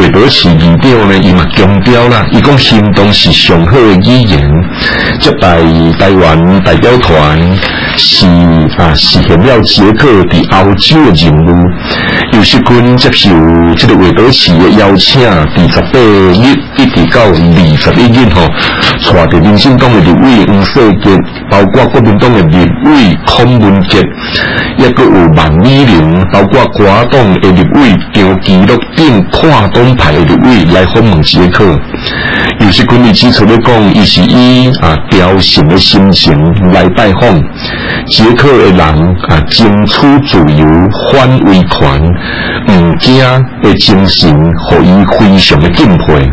維多奇議長呢，伊嘛強調啦，伊講行動是上好嘅語言。接待台灣代表團，啊，是啊，實現了捷克佇歐洲的任務。尤秀軍接受這個維多奇嘅邀請，二十八日一直到二十一日吼，帶台灣新黨嘅一位吳秀君。包括國民黨嘅立委孔文杰，也擱有萬美玲；包括國黨嘅立委張其祿，跟跨黨派嘅立委來訪問捷克。有些管理基礎咧講，伊是以啊彪形嘅身形來拜訪捷克嘅人啊，爭取自由，反威權，唔驚嘅精神，互伊非常嘅敬佩。